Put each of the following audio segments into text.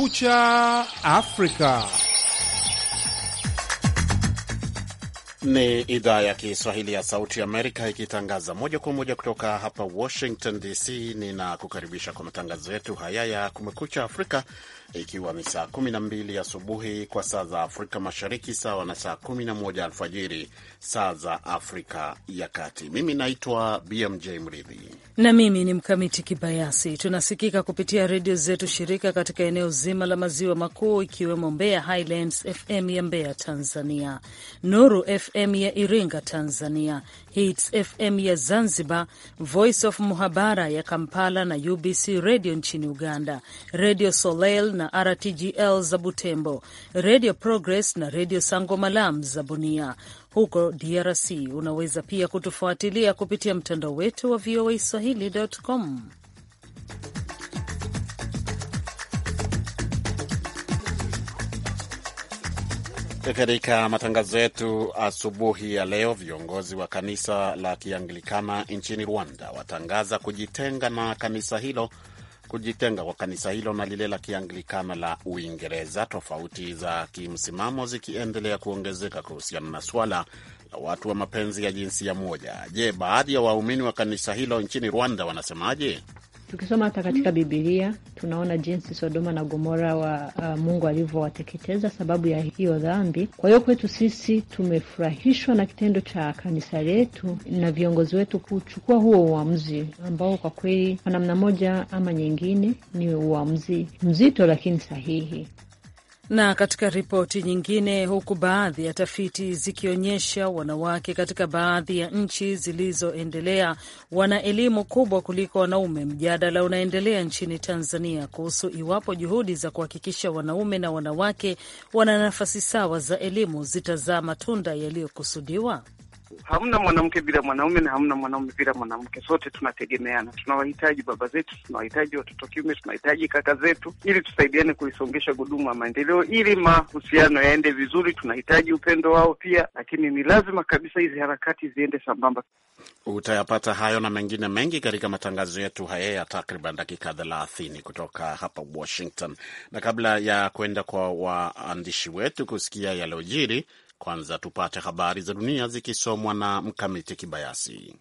Kumekucha Afrika. Ni idhaa ya Kiswahili ya Sauti Amerika ikitangaza moja kwa moja kutoka hapa Washington DC. Ninakukaribisha kwa matangazo yetu haya ya Kumekucha Afrika, ikiwa ni saa 12 asubuhi kwa saa za Afrika Mashariki, sawa na saa 11 alfajiri saa za Afrika ya Kati. Mimi naitwa BMJ Mridhi na mimi ni Mkamiti Kibayasi. Tunasikika kupitia redio zetu shirika katika eneo zima la maziwa makuu, ikiwemo Mbeya Highlands FM ya Mbeya, Tanzania, Nuru F FM ya Iringa, Tanzania, Hits FM ya Zanzibar, Voice of Muhabara ya Kampala na UBC Radio nchini Uganda, Radio Soleil na RTGL za Butembo, Radio Progress na Radio Sango Malam za Bunia. Huko DRC unaweza pia kutufuatilia kupitia mtandao wetu wa voa swahili.com. Katika matangazo yetu asubuhi ya leo, viongozi wa kanisa la Kianglikana nchini Rwanda watangaza kujitenga na kanisa hilo kujitenga kwa kanisa hilo na lile la Kianglikana la Uingereza, tofauti za kimsimamo zikiendelea kuongezeka kuhusiana na swala la watu wa mapenzi ya jinsia moja. Je, baadhi ya waumini wa kanisa hilo nchini Rwanda wanasemaje? Tukisoma hata katika Bibilia tunaona jinsi Sodoma na Gomora wa uh, Mungu alivyowateketeza sababu ya hiyo dhambi. Kwa hiyo kwetu sisi tumefurahishwa na kitendo cha kanisa letu na viongozi wetu kuchukua huo uamuzi ambao kwa kweli kwa namna moja ama nyingine ni uamuzi mzito lakini sahihi. Na katika ripoti nyingine, huku baadhi ya tafiti zikionyesha wanawake katika baadhi ya nchi zilizoendelea wana elimu kubwa kuliko wanaume, mjadala unaendelea nchini Tanzania kuhusu iwapo juhudi za kuhakikisha wanaume na wanawake wana nafasi sawa za elimu zitazaa matunda yaliyokusudiwa hamna mwanamke bila mwanaume na hamna mwanaume bila mwanamke. Sote tunategemeana, tunawahitaji baba zetu, tunawahitaji watoto kiume, tunahitaji kaka zetu, ili tusaidiane kuisongesha gudumu ya maendeleo, ili mahusiano yaende vizuri. Tunahitaji upendo wao pia, lakini ni lazima kabisa hizi harakati ziende sambamba. Utayapata hayo na mengine mengi katika matangazo yetu haya ya takriban dakika thelathini kutoka hapa Washington, na kabla ya kwenda kwa waandishi wetu kusikia yaliyojiri kwanza tupate habari za dunia zikisomwa na Mkamiti Kibayasi.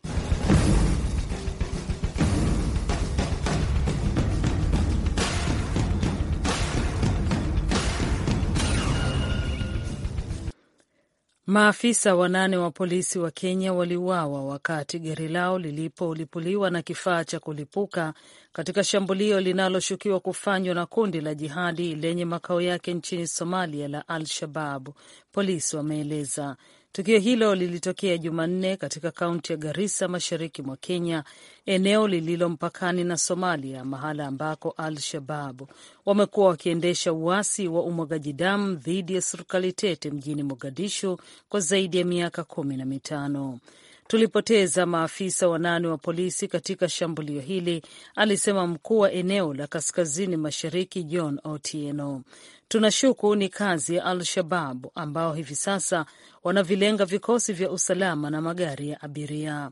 Maafisa wanane wa polisi wa Kenya waliuawa wakati gari lao lilipolipuliwa na kifaa cha kulipuka katika shambulio linaloshukiwa kufanywa na kundi la jihadi lenye makao yake nchini Somalia la Al shababu polisi wameeleza. Tukio hilo lilitokea Jumanne katika kaunti ya Garissa, mashariki mwa Kenya, eneo lililo mpakani na Somalia, mahala ambako Al Shababu wamekuwa wakiendesha uasi wa umwagaji damu dhidi ya serikali tete mjini Mogadishu kwa zaidi ya miaka kumi na mitano. Tulipoteza maafisa wanane wa polisi katika shambulio hili, alisema mkuu wa eneo la kaskazini mashariki John Otieno tunashuku ni kazi ya Al-Shabab ambao hivi sasa wanavilenga vikosi vya usalama na magari ya abiria.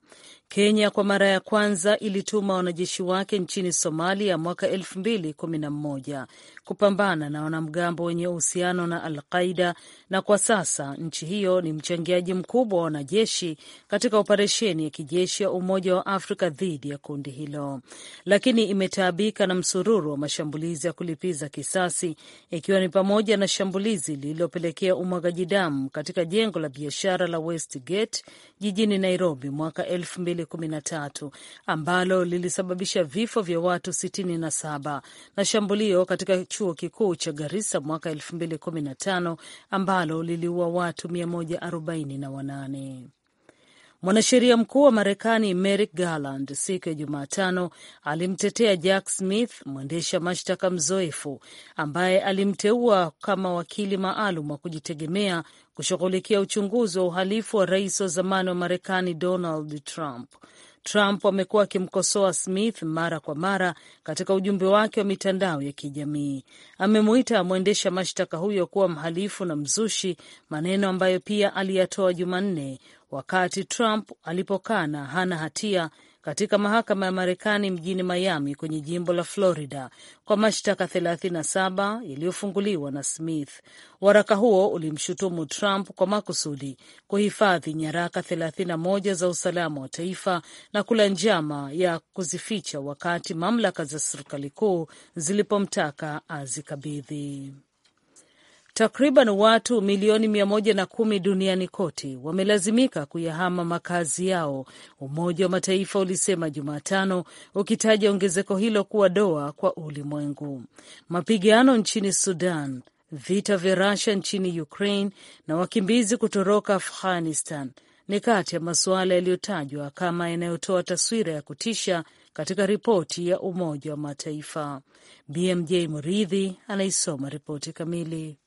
Kenya kwa mara ya kwanza ilituma wanajeshi wake nchini Somalia mwaka elfu mbili kumi na mmoja kupambana na wanamgambo wenye uhusiano na Al Qaida, na kwa sasa nchi hiyo ni mchangiaji mkubwa wa wanajeshi katika operesheni ya kijeshi ya Umoja wa Afrika dhidi ya kundi hilo, lakini imetaabika na msururu wa mashambulizi ya kulipiza kisasi ikiwa ni ni pamoja na shambulizi lililopelekea umwagaji damu katika jengo la biashara la Westgate jijini Nairobi mwaka 2013 ambalo lilisababisha vifo vya watu 67 na shambulio katika chuo kikuu cha Garissa mwaka 2015 ambalo liliua watu 148. Mwanasheria mkuu wa Marekani Merrick Garland siku ya Jumatano alimtetea Jack Smith, mwendesha mashtaka mzoefu ambaye alimteua kama wakili maalum wa kujitegemea kushughulikia uchunguzi wa uhalifu wa rais wa zamani wa Marekani Donald Trump. Trump amekuwa akimkosoa Smith mara kwa mara katika ujumbe wake wa mitandao ya kijamii. Amemuita mwendesha mashtaka huyo kuwa mhalifu na mzushi, maneno ambayo pia aliyatoa Jumanne wakati Trump alipokana hana hatia katika mahakama ya Marekani mjini Miami kwenye jimbo la Florida kwa mashtaka 37 yaliyofunguliwa na Smith. Waraka huo ulimshutumu Trump kwa makusudi kuhifadhi nyaraka 31 za usalama wa taifa na kula njama ya kuzificha wakati mamlaka za serikali kuu zilipomtaka azikabidhi. Takriban watu milioni mia moja na kumi duniani kote wamelazimika kuyahama makazi yao, Umoja wa Mataifa ulisema Jumatano, ukitaja ongezeko hilo kuwa doa kwa ulimwengu. Mapigano nchini Sudan, vita vya Russia nchini Ukraine na wakimbizi kutoroka Afghanistan ni kati ya masuala yaliyotajwa kama yanayotoa taswira ya kutisha katika ripoti ya Umoja wa Mataifa. BMJ Muridhi anaisoma ripoti kamili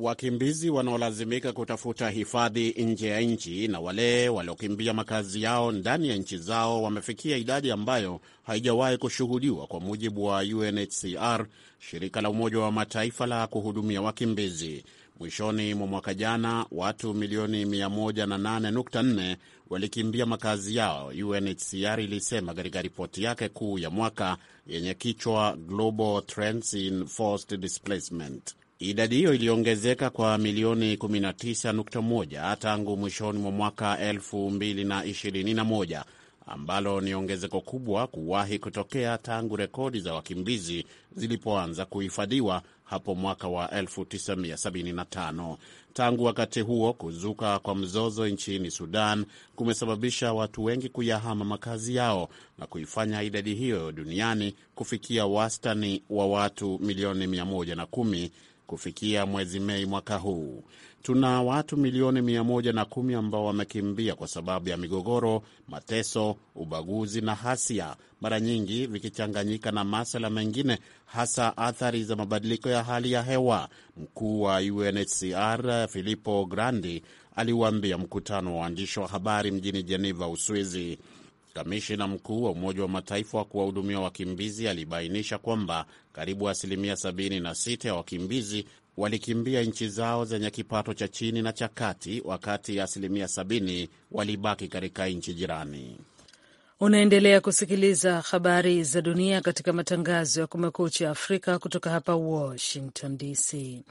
wakimbizi wanaolazimika kutafuta hifadhi nje ya nchi na wale waliokimbia makazi yao ndani ya nchi zao wamefikia idadi ambayo haijawahi kushuhudiwa kwa mujibu wa UNHCR, shirika la Umoja wa Mataifa la kuhudumia wakimbizi. Mwishoni mwa mwaka jana watu milioni 108.4 walikimbia makazi yao, UNHCR ilisema katika ripoti yake kuu ya mwaka yenye kichwa Global Trends in Forced Displacement. Idadi hiyo iliongezeka kwa milioni 19.1 tangu mwishoni mwa mwaka 2021 ambalo ni ongezeko kubwa kuwahi kutokea tangu rekodi za wakimbizi zilipoanza kuhifadhiwa hapo mwaka wa 1975. Tangu wakati huo, kuzuka kwa mzozo nchini Sudan kumesababisha watu wengi kuyahama makazi yao na kuifanya idadi hiyo duniani kufikia wastani wa watu milioni 110 kufikia mwezi Mei mwaka huu. Tuna watu milioni 110 ambao wamekimbia kwa sababu ya migogoro, mateso, ubaguzi na hasia, mara nyingi vikichanganyika na masala mengine, hasa athari za mabadiliko ya hali ya hewa. Mkuu wa UNHCR Filippo Grandi aliuambia mkutano wa waandishi wa habari mjini Jeneva, Uswizi. Kamishina mkuu wa Umoja wa Mataifa wa kuwahudumia wakimbizi alibainisha kwamba karibu asilimia 76 ya wakimbizi walikimbia nchi zao zenye kipato cha chini na cha kati, wakati asilimia 70 walibaki katika nchi jirani. Unaendelea kusikiliza habari za dunia katika matangazo ya Kumekucha Afrika kutoka hapa Washington DC.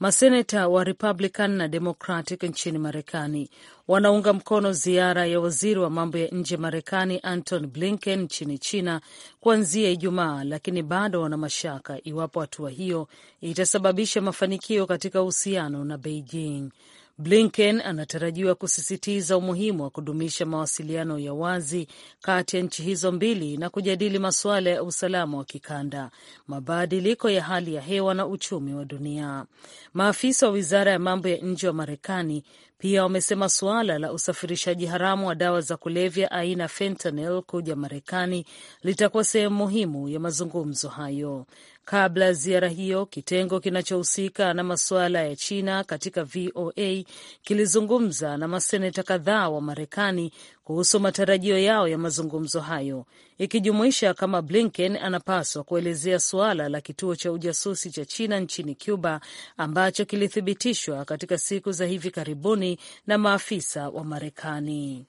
Maseneta wa Republican na Democratic nchini Marekani wanaunga mkono ziara ya waziri wa mambo ya nje Marekani Anton Blinken nchini China kuanzia Ijumaa, lakini bado wana mashaka iwapo hatua hiyo itasababisha mafanikio katika uhusiano na Beijing. Blinken anatarajiwa kusisitiza umuhimu wa kudumisha mawasiliano ya wazi kati ya nchi hizo mbili na kujadili masuala ya usalama wa kikanda, mabadiliko ya hali ya hewa na uchumi wa dunia. Maafisa wa wizara ya mambo ya nje wa Marekani pia wamesema suala la usafirishaji haramu wa dawa za kulevya aina fentanyl kuja Marekani litakuwa sehemu muhimu ya mazungumzo hayo. Kabla ya ziara hiyo, kitengo kinachohusika na masuala ya China katika VOA kilizungumza na maseneta kadhaa wa Marekani kuhusu matarajio yao ya mazungumzo hayo, ikijumuisha kama Blinken anapaswa kuelezea suala la kituo cha ujasusi cha China nchini Cuba ambacho kilithibitishwa katika siku za hivi karibuni na maafisa wa Marekani.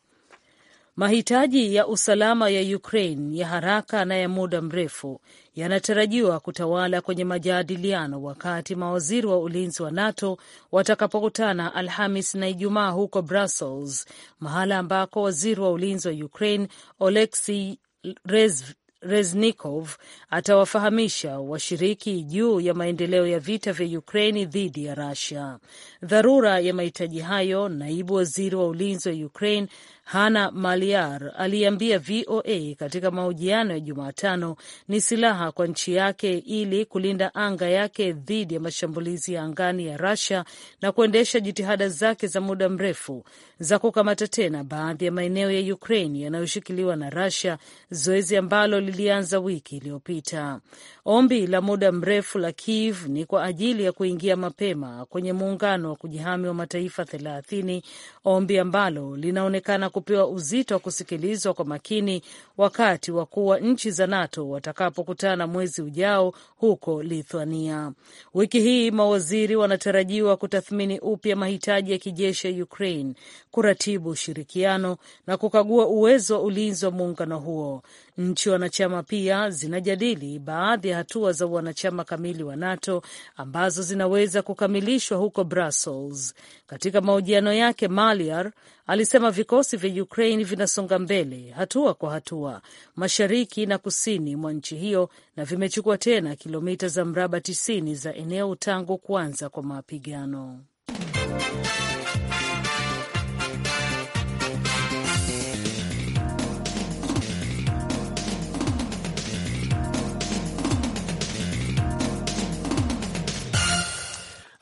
Mahitaji ya usalama ya Ukraine ya haraka na ya muda mrefu yanatarajiwa kutawala kwenye majadiliano wakati mawaziri wa ulinzi wa NATO watakapokutana Alhamis na Ijumaa huko Brussels, mahala ambako waziri wa ulinzi wa Ukraine Oleksiy Reznikov atawafahamisha washiriki juu ya maendeleo ya vita vya Ukraini dhidi ya Russia. Dharura ya mahitaji hayo, naibu waziri wa ulinzi wa Ukraine Hana Maliar aliambia VOA katika mahojiano ya Jumatano ni silaha kwa nchi yake ili kulinda anga yake dhidi ya mashambulizi ya angani ya rasia na kuendesha jitihada zake za muda mrefu za kukamata tena baadhi ya maeneo ya Ukraine yanayoshikiliwa na rasia zoezi ambalo lilianza wiki iliyopita. Ombi la muda mrefu la Kiev ni kwa ajili ya kuingia mapema kwenye muungano wa kujihami wa mataifa thelathini, ombi ambalo linaonekana kupewa uzito wa kusikilizwa kwa makini wakati wakuu wa nchi za NATO watakapokutana mwezi ujao huko Lithuania. Wiki hii mawaziri wanatarajiwa kutathmini upya mahitaji ya kijeshi ya Ukraine, kuratibu ushirikiano na kukagua uwezo wa ulinzi wa muungano huo. Nchi wanachama pia zinajadili baadhi ya hatua za wanachama kamili wa NATO ambazo zinaweza kukamilishwa huko Brussels. Katika mahojiano yake, Maliar alisema vikosi vya Ukraine vinasonga mbele hatua kwa hatua mashariki na kusini mwa nchi hiyo na vimechukua tena kilomita za mraba 90 za eneo tangu kuanza kwa mapigano.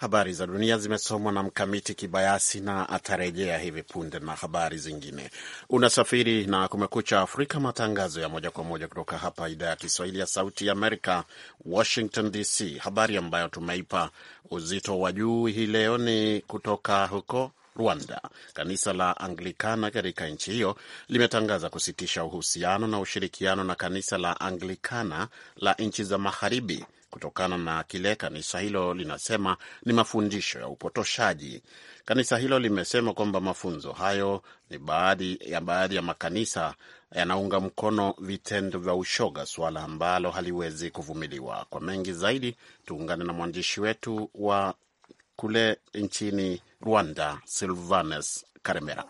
Habari za dunia zimesomwa na Mkamiti Kibayasi na atarejea hivi punde na habari zingine. Unasafiri na Kumekucha Afrika, matangazo ya moja kwa moja kutoka hapa idhaa ya Kiswahili ya Sauti ya Amerika, Washington DC. Habari ambayo tumeipa uzito wa juu hii leo ni kutoka huko Rwanda. Kanisa la Anglikana katika nchi hiyo limetangaza kusitisha uhusiano na ushirikiano na kanisa la Anglikana la nchi za Magharibi kutokana na kile kanisa hilo linasema ni mafundisho ya upotoshaji. Kanisa hilo limesema kwamba mafunzo hayo ni baadhi ya baadhi ya makanisa yanaunga mkono vitendo vya ushoga, suala ambalo haliwezi kuvumiliwa. Kwa mengi zaidi, tuungane na mwandishi wetu wa kule nchini Rwanda, Silvanes Karemera.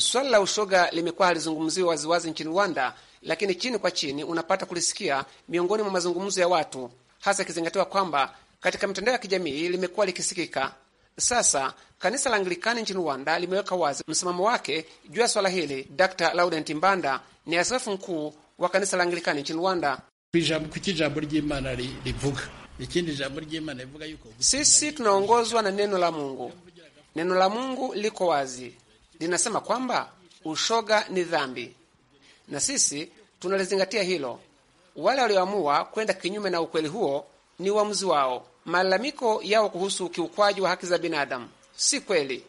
Swala la ushoga limekuwa halizungumziwa waziwazi nchini Rwanda, lakini chini kwa chini unapata kulisikia miongoni mwa mazungumzo ya watu hasa ikizingatiwa kwamba katika mitandao ya kijamii limekuwa likisikika. Sasa kanisa la Anglikani nchini Rwanda limeweka wazi msimamo wake juu ya swala hili. Dr Laurent Mbanda ni asefu mkuu wa kanisa la Anglikani nchini Rwanda. Sisi tunaongozwa na neno la Mungu. Neno la Mungu liko wazi, linasema kwamba ushoga ni dhambi, na sisi tunalizingatia hilo. Wale walioamua kwenda kinyume na ukweli huo ni uamuzi wao. Malalamiko yao kuhusu ukiukwaji wa haki za binadamu si kweli,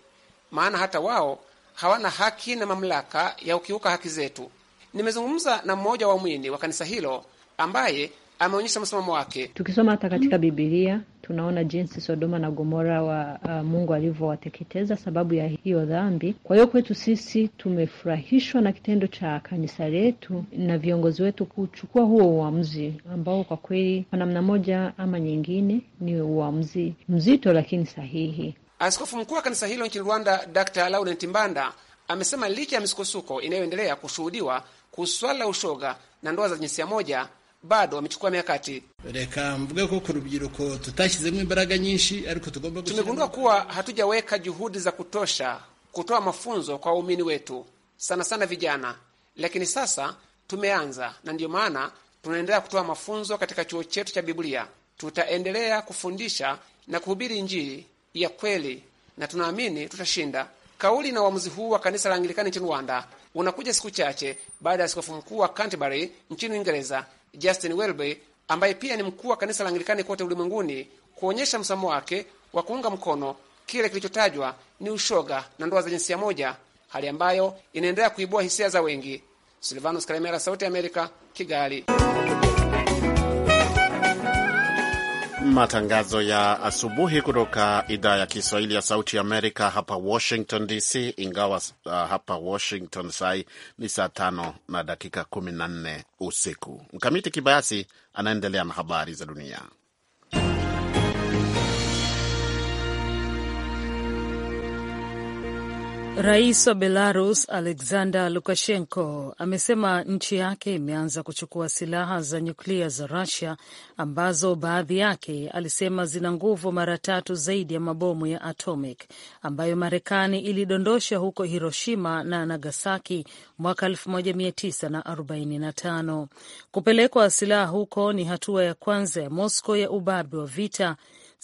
maana hata wao hawana haki na mamlaka ya kukiuka haki zetu. Nimezungumza na mmoja wa mwini wa kanisa hilo ambaye ameonyesha msimamo wake. Tukisoma hata katika Bibilia tunaona jinsi Sodoma na Gomora wa uh, Mungu alivyowateketeza sababu ya hiyo dhambi. Kwa hiyo kwetu sisi tumefurahishwa na kitendo cha kanisa letu na viongozi wetu kuchukua huo uamuzi ambao kwa kweli kwa namna moja ama nyingine ni uamuzi mzito lakini sahihi. Askofu mkuu wa kanisa hilo nchini Rwanda Dr. Laurent Mbanda amesema licha ya misukosuko inayoendelea kushuhudiwa kuhusu swala la ushoga na ndoa za jinsia moja bado wamechukua mikakati. Tumegundua kuwa hatujaweka juhudi za kutosha kutoa mafunzo kwa waumini wetu, sana sana vijana, lakini sasa tumeanza, na ndiyo maana tunaendelea kutoa mafunzo katika chuo chetu cha Biblia. Tutaendelea kufundisha na kuhubiri Injili ya kweli, na tunaamini tutashinda. Kauli na uamuzi huu wa kanisa la Anglikani nchini Rwanda unakuja siku chache baada ya askofu mkuu wa Canterbury nchini Uingereza Justin Welby ambaye pia ni mkuu wa kanisa la Anglikani kote ulimwenguni kuonyesha msamo wake wa kuunga mkono kile kilichotajwa ni ushoga na ndoa za jinsia moja, hali ambayo inaendelea kuibua hisia za wengi. Silvanus Kalemera, Sauti ya Amerika, Kigali. Matangazo ya asubuhi kutoka idhaa ya Kiswahili ya Sauti ya Amerika hapa Washington DC, ingawa uh, hapa Washington sai ni saa tano na dakika kumi na nne usiku. Mkamiti Kibayasi anaendelea na habari za dunia. Rais wa Belarus Alexander Lukashenko amesema nchi yake imeanza kuchukua silaha za nyuklia za Rusia ambazo baadhi yake alisema zina nguvu mara tatu zaidi ya mabomu ya atomic ambayo Marekani ilidondosha huko Hiroshima na Nagasaki mwaka 1945. Kupelekwa silaha huko ni hatua ya kwanza ya Moscow ya ubabe wa vita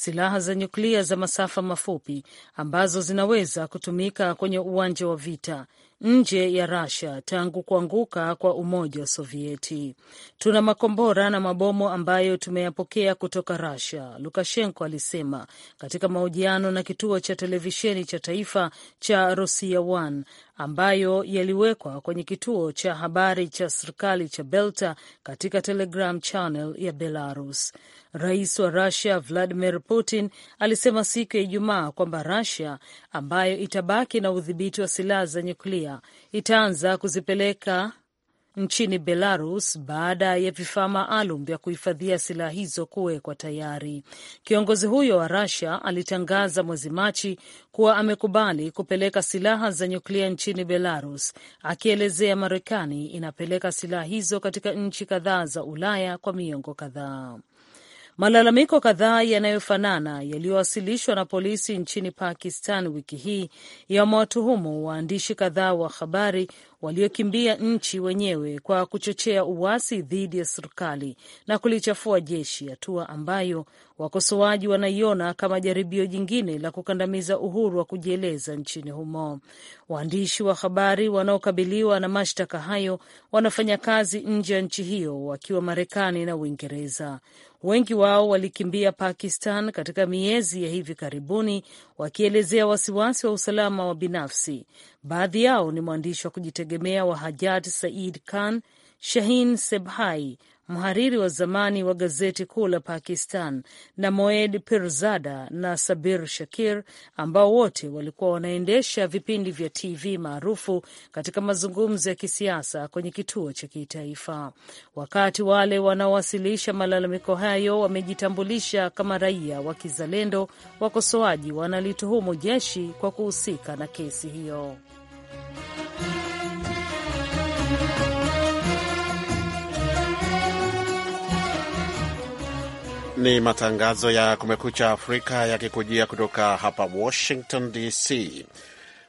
silaha za nyuklia za masafa mafupi ambazo zinaweza kutumika kwenye uwanja wa vita nje ya Rasia tangu kuanguka kwa Umoja wa Sovieti. Tuna makombora na mabomu ambayo tumeyapokea kutoka rasia Lukashenko alisema katika mahojiano na kituo cha televisheni cha taifa cha rusia One ambayo yaliwekwa kwenye kituo cha habari cha serikali cha Belta katika Telegram channel ya Belarus. Rais wa Rusia Vladimir Putin alisema siku ya Ijumaa kwamba Rusia ambayo itabaki na udhibiti wa silaha za nyuklia itaanza kuzipeleka nchini Belarus baada ya vifaa maalum vya kuhifadhia silaha hizo kuwekwa tayari. Kiongozi huyo wa rusia alitangaza mwezi Machi kuwa amekubali kupeleka silaha za nyuklia nchini Belarus, akielezea Marekani inapeleka silaha hizo katika nchi kadhaa za Ulaya kwa miongo kadhaa. Malalamiko kadhaa yanayofanana yaliyowasilishwa na polisi nchini Pakistan wiki hii yamewatuhumu waandishi kadhaa wa habari waliokimbia nchi wenyewe kwa kuchochea uasi dhidi ya serikali na kulichafua jeshi, hatua ambayo wakosoaji wanaiona kama jaribio jingine la kukandamiza uhuru wa kujieleza nchini humo. Waandishi wa habari wanaokabiliwa na mashtaka hayo wanafanya kazi nje ya nchi hiyo wakiwa Marekani na Uingereza. Wengi wao walikimbia Pakistan katika miezi ya hivi karibuni, wakielezea wasiwasi wa usalama wa binafsi Baadhi yao ni mwandishi wa kujitegemea wa Hajat Said Khan, Shahin Sebhai, mhariri wa zamani wa gazeti kuu la Pakistan, na Moed Pirzada na Sabir Shakir, ambao wote walikuwa wanaendesha vipindi vya TV maarufu katika mazungumzo ya kisiasa kwenye kituo cha kitaifa. Wakati wale wanaowasilisha malalamiko hayo wamejitambulisha kama raia wa kizalendo, wakosoaji wanalituhumu jeshi kwa kuhusika na kesi hiyo. Ni matangazo ya Kumekucha Afrika yakikujia kutoka hapa Washington DC.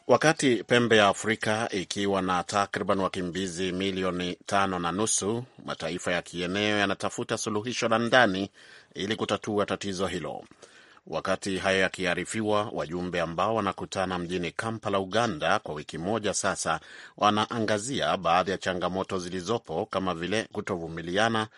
Wakati pembe ya Afrika ikiwa na takriban wakimbizi milioni tano na nusu, mataifa ya kieneo yanatafuta suluhisho la ndani ili kutatua tatizo hilo. Wakati hayo yakiharifiwa wajumbe ambao wanakutana mjini Kampala, Uganda, kwa wiki moja sasa wanaangazia baadhi ya changamoto zilizopo kama vile kutovumiliana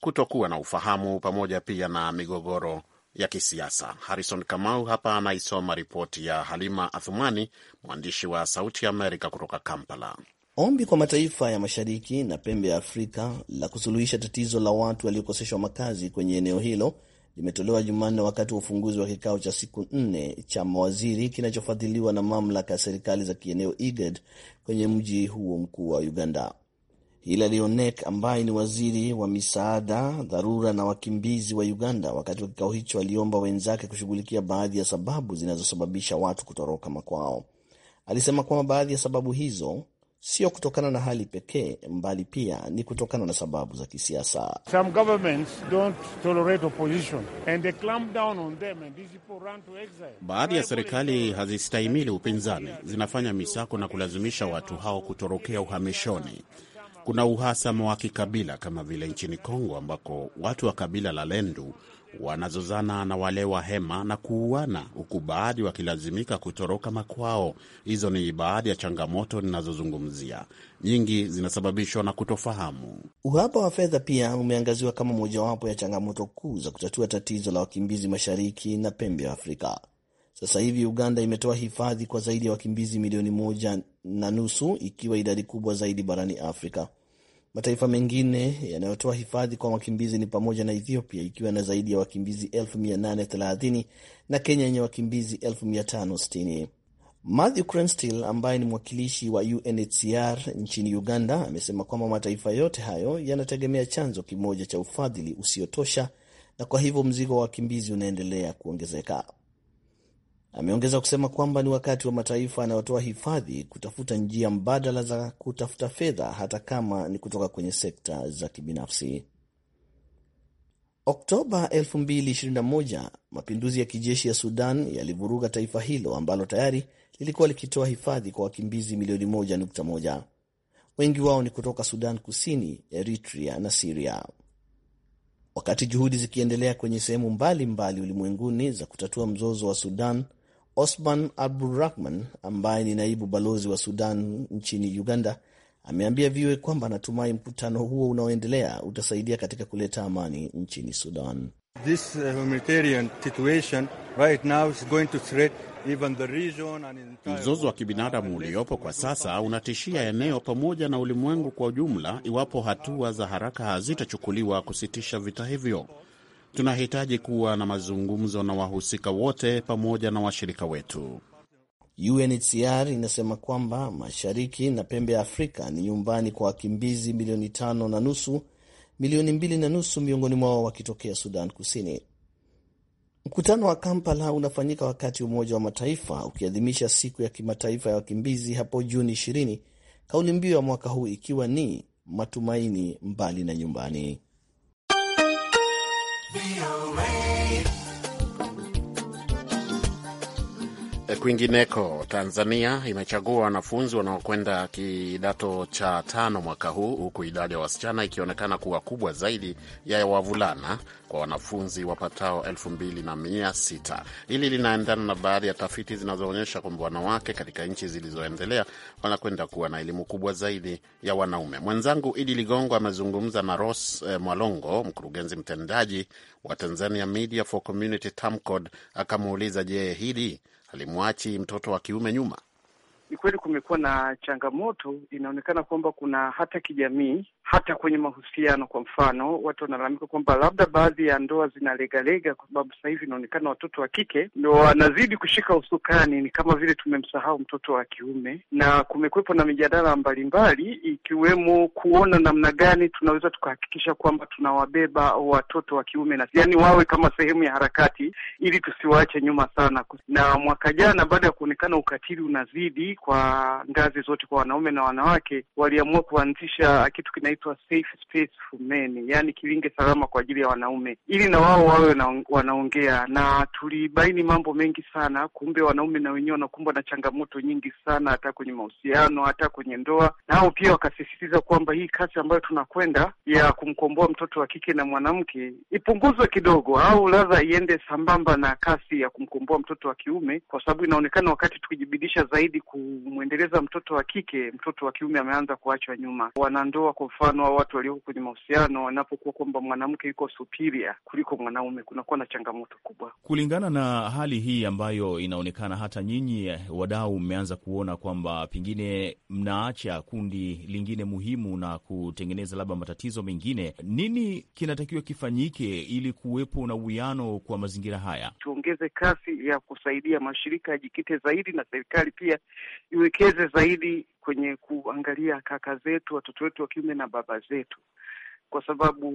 kutokuwa na ufahamu pamoja pia na migogoro ya kisiasa. Harrison Kamau hapa anaisoma ripoti ya Halima Athumani, mwandishi wa Sauti ya Amerika kutoka Kampala. Ombi kwa mataifa ya mashariki na pembe ya Afrika la kusuluhisha tatizo la watu waliokoseshwa makazi kwenye eneo hilo limetolewa Jumanne wakati wa ufunguzi wa kikao cha siku nne cha mawaziri kinachofadhiliwa na mamlaka ya serikali za kieneo IGAD e kwenye mji huo mkuu wa Uganda. Hila Leonek ambaye ni waziri wa misaada dharura na wakimbizi wa Uganda. Wakati wa kikao hicho, aliomba wenzake kushughulikia baadhi ya sababu zinazosababisha watu kutoroka makwao. Alisema kwamba baadhi ya sababu hizo sio kutokana na hali pekee, mbali pia ni kutokana na sababu za kisiasa. Baadhi ya serikali hazistahimili upinzani, zinafanya misako na kulazimisha watu hao kutorokea uhamishoni kuna uhasama wa kikabila kama vile nchini Kongo ambako watu wa kabila la Lendu wanazozana na wale wa Hema na kuuana huku baadhi wakilazimika kutoroka makwao. Hizo ni baadhi ya changamoto ninazozungumzia, nyingi zinasababishwa na kutofahamu. Uhaba wa fedha pia umeangaziwa kama mojawapo ya changamoto kuu za kutatua tatizo la wakimbizi mashariki na pembe ya Afrika. Sasa hivi Uganda imetoa hifadhi kwa zaidi ya wakimbizi milioni moja na nusu, ikiwa idadi kubwa zaidi barani Afrika. Mataifa mengine yanayotoa hifadhi kwa wakimbizi ni pamoja na Ethiopia ikiwa na zaidi ya wakimbizi 830 na Kenya yenye wakimbizi 560 Matthew Crenstil ambaye ni mwakilishi wa UNHCR nchini Uganda amesema kwamba mataifa yote hayo yanategemea chanzo kimoja cha ufadhili usiotosha na kwa hivyo mzigo wa wakimbizi unaendelea kuongezeka. Ameongeza kusema kwamba ni wakati wa mataifa yanayotoa hifadhi kutafuta njia mbadala za kutafuta fedha hata kama ni kutoka kwenye sekta za kibinafsi. Oktoba 2021 mapinduzi ya kijeshi ya Sudan yalivuruga taifa hilo ambalo tayari lilikuwa likitoa hifadhi kwa wakimbizi milioni 1.1. Wengi wao ni kutoka Sudan Kusini, Eritrea na Siria. Wakati juhudi zikiendelea kwenye sehemu mbalimbali ulimwenguni za kutatua mzozo wa Sudan, Osman Abdurahman ambaye ni naibu balozi wa Sudan nchini Uganda ameambia VOA kwamba anatumai mkutano huo unaoendelea utasaidia katika kuleta amani nchini Sudan. This uh, humanitarian situation right now is going to threat even the region and entire... Mzozo wa kibinadamu uliopo kwa sasa unatishia eneo pamoja na ulimwengu kwa ujumla, iwapo hatua za haraka hazitachukuliwa kusitisha vita hivyo tunahitaji kuwa na mazungumzo na wahusika wote pamoja na washirika wetu. UNHCR inasema kwamba mashariki na pembe ya Afrika ni nyumbani kwa wakimbizi milioni tano na nusu, milioni mbili na nusu miongoni mwao wakitokea Sudan Kusini. Mkutano wa Kampala unafanyika wakati Umoja wa Mataifa ukiadhimisha siku ya kimataifa ya wakimbizi hapo Juni 20, kauli mbiu ya mwaka huu ikiwa ni matumaini mbali na nyumbani. be away. Eh, kwingineko, Tanzania imechagua wanafunzi wanaokwenda kidato cha tano mwaka huu, huku idadi ya wasichana ikionekana kuwa kubwa zaidi ya wavulana kwa wanafunzi wapatao elfu Hili linaendana na baadhi ya tafiti zinazoonyesha kwamba wanawake katika nchi zilizoendelea wanakwenda kuwa na elimu kubwa zaidi ya wanaume. Mwenzangu Idi Ligongo amezungumza na Ros eh, Mwalongo, mkurugenzi mtendaji wa Tanzania Media for Community TAMCOD, akamuuliza je, hili halimwachi mtoto wa kiume nyuma. Ni kweli kumekuwa na changamoto, inaonekana kwamba kuna hata kijamii hata kwenye mahusiano. Kwa mfano, watu wanalalamika kwamba labda baadhi ya ndoa zinalegalega kwa sababu sasa hivi inaonekana watoto wa kike ndo wanazidi kushika usukani, ni kama vile tumemsahau mtoto wa kiume, na kumekwepo na mijadala mbalimbali, ikiwemo kuona namna gani tunaweza tukahakikisha kwamba tunawabeba watoto wa kiume na yani wawe kama sehemu ya harakati, ili tusiwaache nyuma sana. Na mwaka jana, baada ya kuonekana ukatili unazidi kwa ngazi zote kwa wanaume na wanawake, waliamua kuanzisha kitu kina inaitwa safe space for men, yani kilinge salama kwa ajili ya wanaume, ili na wao wawe na, wanaongea. Na tulibaini mambo mengi sana, kumbe wanaume na wenyewe wanakumbwa na changamoto nyingi sana, hata kwenye mahusiano, hata kwenye ndoa. Nao pia wakasisitiza kwamba hii kasi ambayo tunakwenda ya kumkomboa mtoto wa kike na mwanamke ipunguzwe kidogo, au ladha iende sambamba na kasi ya kumkomboa mtoto wa kiume, kwa sababu inaonekana wakati tukijibidisha zaidi kumwendeleza mtoto wa kike, mtoto wa kiume ameanza kuachwa nyuma. Wanandoa kwa mfano wa watu walioko kwenye mahusiano wanapokuwa kwamba mwanamke yuko superior kuliko mwanaume, kunakuwa na changamoto kubwa. Kulingana na hali hii ambayo inaonekana, hata nyinyi eh, wadau mmeanza kuona kwamba pengine mnaacha kundi lingine muhimu na kutengeneza labda matatizo mengine, nini kinatakiwa kifanyike ili kuwepo na uwiano kwa mazingira haya? Tuongeze kasi ya kusaidia mashirika yajikite zaidi, na serikali pia iwekeze zaidi kwenye kuangalia kaka zetu, watoto wetu wa kiume na baba zetu kwa sababu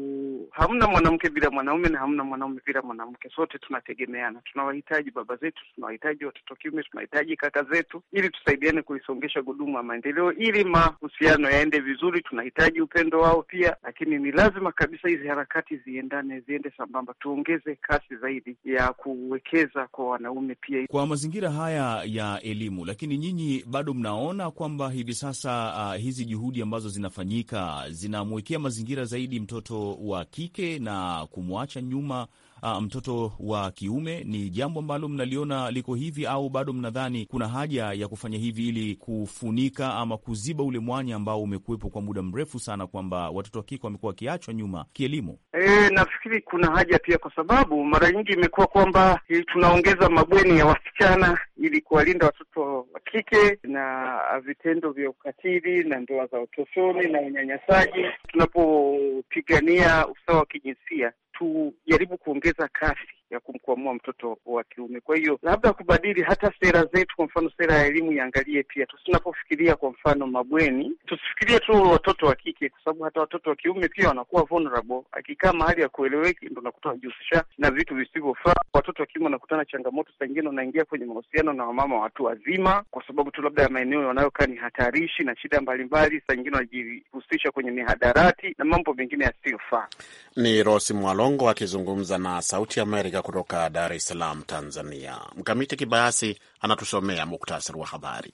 hamna mwanamke bila mwanaume na hamna mwanaume bila mwanamke. Sote tunategemeana, tunawahitaji baba zetu, tunawahitaji watoto kiume, tunawahitaji kaka zetu, ili tusaidiane kulisongesha gudumu ya maendeleo. Ili mahusiano yaende vizuri, tunahitaji upendo wao pia, lakini ni lazima kabisa hizi harakati ziendane, ziende sambamba, tuongeze kasi zaidi ya kuwekeza kwa wanaume pia, kwa mazingira haya ya elimu. Lakini nyinyi bado mnaona kwamba hivi sasa uh, hizi juhudi ambazo zinafanyika zinamwekea mazingira zaidi zaidi mtoto wa kike na kumwacha nyuma uh, mtoto wa kiume, ni jambo ambalo mnaliona liko hivi au bado mnadhani kuna haja ya kufanya hivi ili kufunika ama kuziba ule mwanya ambao umekuwepo kwa muda mrefu sana, kwamba watoto wa kike wamekuwa wakiachwa nyuma kielimu? E, nafikiri kuna haja pia, kwa sababu mara nyingi imekuwa kwamba tunaongeza mabweni ya wasichana ili kuwalinda watoto wa kike na vitendo vya ukatili na ndoa za utotoni na unyanyasaji. Tunapopigania usawa wa kijinsia, tujaribu kuongeza kasi ya kumkwamua mtoto wa kiume. Kwa hiyo labda kubadili hata sera zetu, kwa mfano sera ya elimu iangalie pia, tusinapofikiria kwa mfano mabweni, tusifikirie tu watoto wa kike, kwa sababu hata watoto wa kiume pia wanakuwa vulnerable. Akikaa mahali ya kueleweki, ndo nakuta wajihusisha na vitu visivyofaa. Watoto wa kiume wanakutana changamoto, saa ingine wanaingia kwenye mahusiano na wamama watu wazima, kwa sababu tu labda ya maeneo wanayokaa ni hatarishi na shida mbalimbali, saa ingine wanajihusisha kwenye mihadarati na mambo mengine yasiyofaa. Ni Rosi Mwalongo akizungumza na Sauti Amerika kutoka Dar es Salaam, Tanzania. Mkamiti Kibayasi anatusomea muktasari wa habari.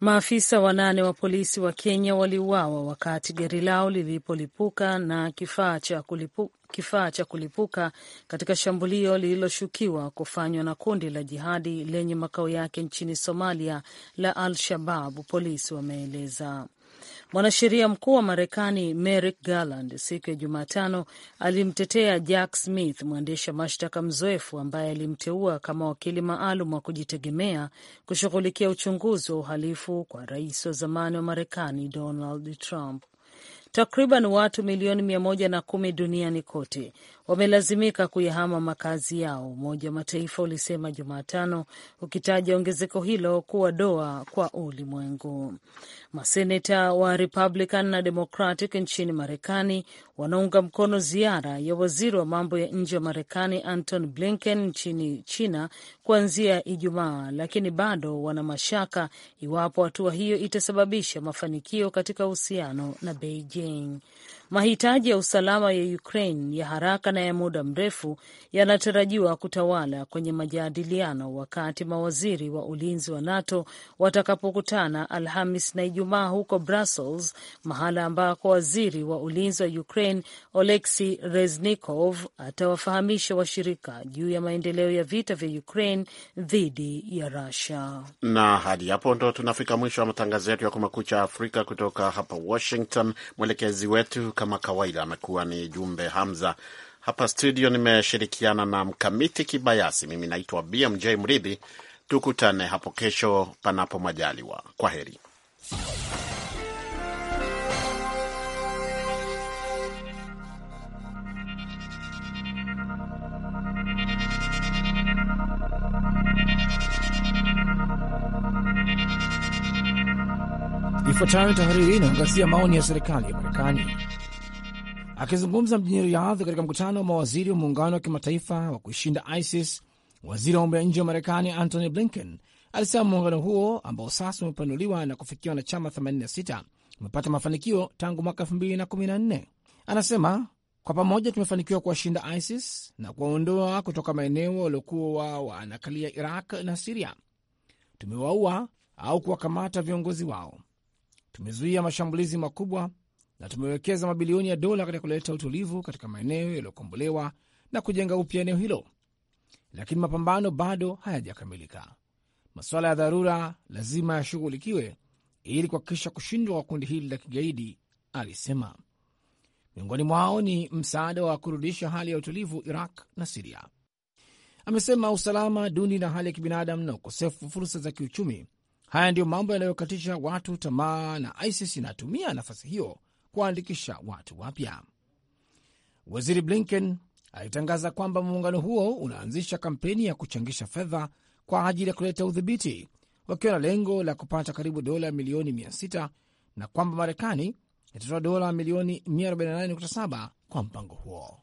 Maafisa wanane wa polisi wa Kenya waliuawa wakati gari lao lilipolipuka na kifaa cha kulipuka, kifaa cha kulipuka katika shambulio lililoshukiwa kufanywa na kundi la jihadi lenye makao yake nchini Somalia la Al Shabab, polisi wameeleza. Mwanasheria mkuu wa Marekani Merrick Garland siku ya Jumatano alimtetea Jack Smith, mwendesha mashtaka mzoefu ambaye alimteua kama wakili maalum wa kujitegemea kushughulikia uchunguzi wa uhalifu kwa rais wa zamani wa Marekani Donald Trump. Takriban watu milioni mia moja na kumi duniani kote wamelazimika kuyahama makazi yao, Umoja wa Mataifa ulisema Jumatano, ukitaja ongezeko hilo kuwa doa kwa ulimwengu. Maseneta wa Republican na Democratic nchini Marekani wanaunga mkono ziara ya waziri wa mambo ya nje wa Marekani Anton Blinken nchini China kuanzia Ijumaa, lakini bado wana mashaka iwapo hatua hiyo itasababisha mafanikio katika uhusiano na Beijing. Mahitaji ya usalama ya Ukraine ya haraka na ya muda mrefu yanatarajiwa kutawala kwenye majadiliano wakati mawaziri wa ulinzi wa NATO watakapokutana Alhamis na Ijumaa huko Brussels, mahala ambako waziri wa ulinzi wa Ukraine Oleksi Reznikov atawafahamisha washirika juu ya maendeleo ya vita vya Ukraine dhidi ya Russia. Na hadi hapo ndo tunafika mwisho wa matangazo yetu ya Kumekucha Afrika kutoka hapa Washington. Mwelekezi wetu kama kawaida amekuwa ni Jumbe Hamza. Hapa studio nimeshirikiana na Mkamiti Kibayasi. Mimi naitwa BMJ Mridhi. Tukutane hapo kesho, panapo majaliwa. Kwa heri. Ifuatayo tahariri inaangazia maoni ya serikali ya Marekani. Akizungumza mjini Riyadh katika mkutano wa mawaziri wa muungano wa kimataifa wa kuishinda ISIS, waziri wa mambo ya nje wa Marekani Antony Blinken alisema muungano huo ambao sasa umepanuliwa na kufikia wanachama 86 umepata mafanikio tangu mwaka 2014. Anasema kwa pamoja tumefanikiwa kuwashinda ISIS na kuwaondoa kutoka maeneo waliokuwa wanakalia Iraq na Siria. Tumewaua au kuwakamata viongozi wao, tumezuia mashambulizi makubwa na tumewekeza mabilioni ya dola katika kuleta utulivu katika maeneo yaliyokombolewa na kujenga upya eneo hilo, lakini mapambano bado hayajakamilika. Masuala ya dharura lazima yashughulikiwe ili kuhakikisha kushindwa kwa kundi hili la kigaidi, alisema. Miongoni mwao ni msaada wa kurudisha hali ya utulivu Iraq na Siria. Amesema usalama duni na hali ya kibinadamu na ukosefu fursa za kiuchumi, haya ndiyo mambo yanayokatisha watu tamaa, na ISIS inatumia nafasi hiyo kuwaandikisha watu wapya. Waziri Blinken alitangaza kwamba muungano huo unaanzisha kampeni ya kuchangisha fedha kwa ajili ya kuleta udhibiti, wakiwa na lengo la kupata karibu dola milioni 600 na kwamba Marekani itatoa dola milioni 148.7 kwa mpango huo.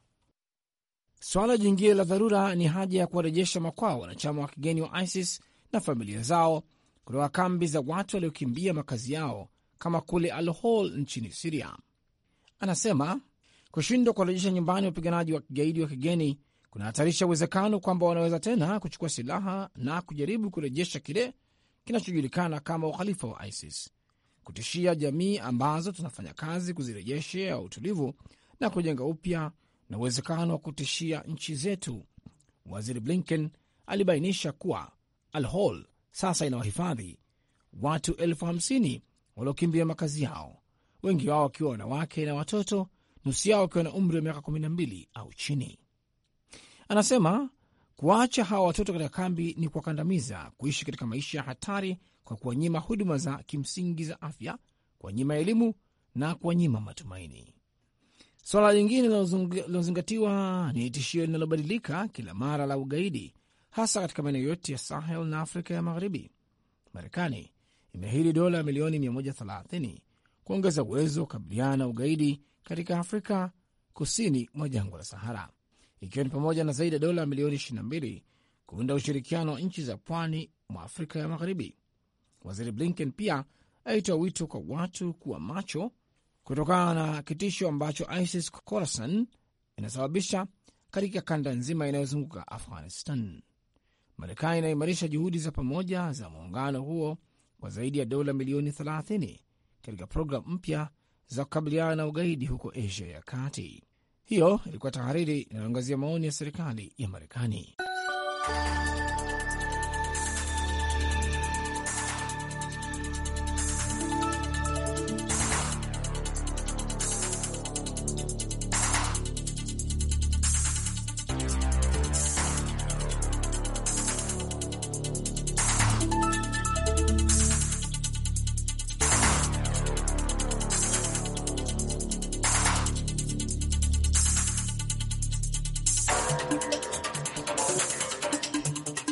Swala jingine la dharura ni haja ya kuwarejesha makwao wanachama wa kigeni wa ISIS na familia zao kutoka kambi za watu waliokimbia makazi yao kama kule Al Hol nchini Siria. Anasema kushindwa kuwarejesha nyumbani wapiganaji wa kigaidi wa kigeni kunahatarisha uwezekano kwamba wanaweza tena kuchukua silaha na kujaribu kurejesha kile kinachojulikana kama ukhalifa wa ISIS, kutishia jamii ambazo tunafanya kazi kuzirejesha utulivu na kujenga upya na uwezekano wa kutishia nchi zetu. Waziri Blinken alibainisha kuwa Al Hol sasa inawahifadhi watu elfu hamsini waliokimbia makazi yao, wengi wao wakiwa wanawake na watoto, nusu yao wakiwa na umri wa miaka 12 au chini. Anasema kuwaacha hawa watoto katika kambi ni kuwakandamiza kuishi katika maisha ya hatari kwa kuwanyima huduma za kimsingi za afya, kuwanyima elimu na kuwanyima matumaini. Swala lingine linalozingatiwa ni tishio linalobadilika kila mara la ugaidi, hasa katika maeneo yote ya Sahel na Afrika ya Magharibi. Marekani imeahidi dola milioni 130 kuongeza uwezo wa kukabiliana na ugaidi katika Afrika kusini mwa jangwa la Sahara, ikiwa ni pamoja na zaidi ya dola milioni 22 kuunda ushirikiano wa nchi za pwani mwa Afrika ya Magharibi. Waziri Blinken pia alitoa wito kwa watu kuwa macho kutokana na kitisho ambacho ISIS Khorasan inasababisha katika kanda nzima inayozunguka Afghanistan. Marekani inaimarisha juhudi za pamoja za muungano huo kwa zaidi ya dola milioni 30 katika programu mpya za kukabiliana na ugaidi huko Asia ya Kati. Hiyo ilikuwa tahariri inayoangazia maoni ya serikali ya Marekani.